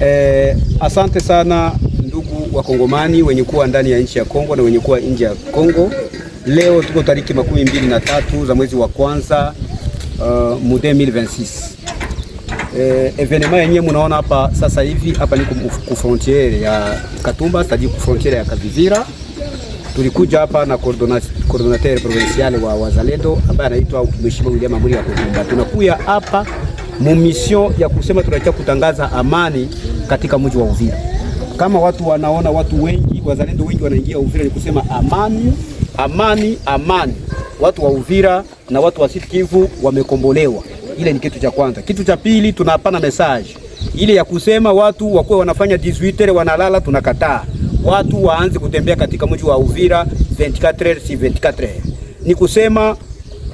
Eh, asante sana ndugu wakongomani wenye kuwa ndani ya nchi ya Kongo na wenye kuwa nje ya Kongo. Leo tuko tariki makumi mbili na tatu za mwezi wa kwanza uh, mu 2026 eh, evenema yenyewe mnaona hapa sasa hivi hapa ni ku frontiere ya Katumba stadi ku frontiere ya Kavivira. Tulikuja hapa na coordinateur provincial wa Wazalendo ambaye anaitwa Mheshimiwa William Amuri ya kutumba Tunakuya hapa mumisio ya kusema tunataka kutangaza amani katika mji wa Uvira. Kama watu wanaona watu wengi wazalendo wengi wanaingia Uvira, ni kusema amani, amani, amani. Watu wa Uvira na watu wa Sud Kivu wamekombolewa. Ile ni kitu cha kwanza. Kitu cha pili, tunapana message ile ya kusema watu wakuwe wanafanya 18 wanalala, tunakataa watu waanze kutembea katika mji wa Uvira 24 si 24. Ni kusema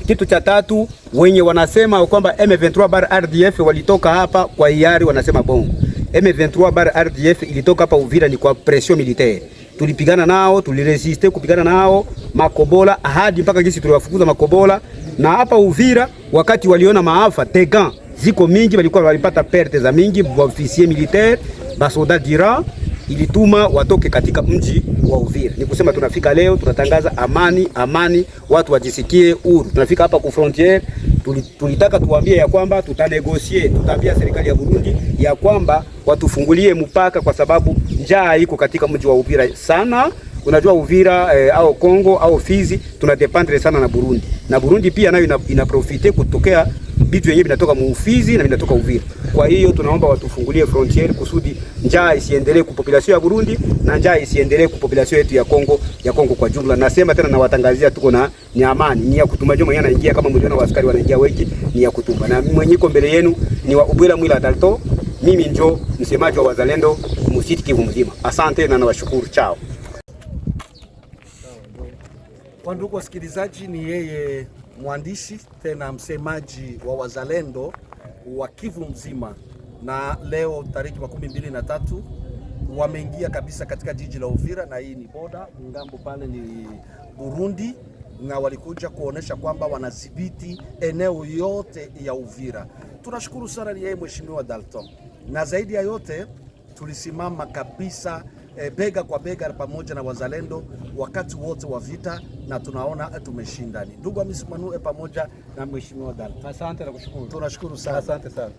kitu cha tatu wenye wanasema kwamba M23 bar RDF walitoka hapa kwa hiari, wanasema bongo. M23 bar RDF ilitoka hapa Uvira ni kwa pression militaire. Tulipigana nao, tuliresiste kupigana nao makobola hadi mpaka gisi tuliwafukuza makobola, na hapa Uvira wakati waliona maafa tegan ziko mingi, walikuwa walipata perte za mingi, officier militaire basoda dira ilituma watoke katika mji wa Uvira. Ni kusema tunafika leo tunatangaza amani, amani, watu wajisikie huru. Tunafika hapa ku frontier, tulitaka tuambie ya kwamba tutanegosie, tutaambia serikali ya Burundi ya kwamba watufungulie mpaka, kwa sababu njaa iko katika mji wa Uvira sana. Unajua Uvira eh, au Kongo au Fizi tunadependre sana na Burundi na Burundi pia nayo ina, ina profite kutokea vitu vyenyewe vinatoka Muufizi na vinatoka Uvira. Kwa hiyo tunaomba watufungulie frontier kusudi njaa isiendelee kupopulation ya Burundi na njaa isiendelee kupopulation yetu ya Kongo ya Kongo kwa jumla. Nasema tena nawatangazia, tuko na ni amani, ni ya kutumba. Juma mwenyewe anaingia kama mliona askari wanaingia wengi, ni ya kutumba. Na mwenye iko mbele yenu ni wa Ubwela Mwila Dalto, mimi njo msemaji wa Wazalendo msitiki Kivu mzima. Asante na nawashukuru, chao. Kwa ndugu wasikilizaji, ni yeye mwandishi tena msemaji wa wazalendo wa Kivu mzima, na leo tariki makumi mbili na tatu wameingia kabisa katika jiji la Uvira, na hii ni boda ngambo pale ni Burundi, na walikuja kuonesha kwamba wanadhibiti eneo yote ya Uvira. Tunashukuru sana ni yeye mheshimiwa Dalton, na zaidi ya yote tulisimama kabisa e, bega kwa bega pamoja na wazalendo wakati wote wa vita, na tunaona tumeshinda. Ni ndugu Hamisi Mwanue pamoja na mheshimiwa Dal. Asante na kushukuru, tunashukuru sana, asante sana.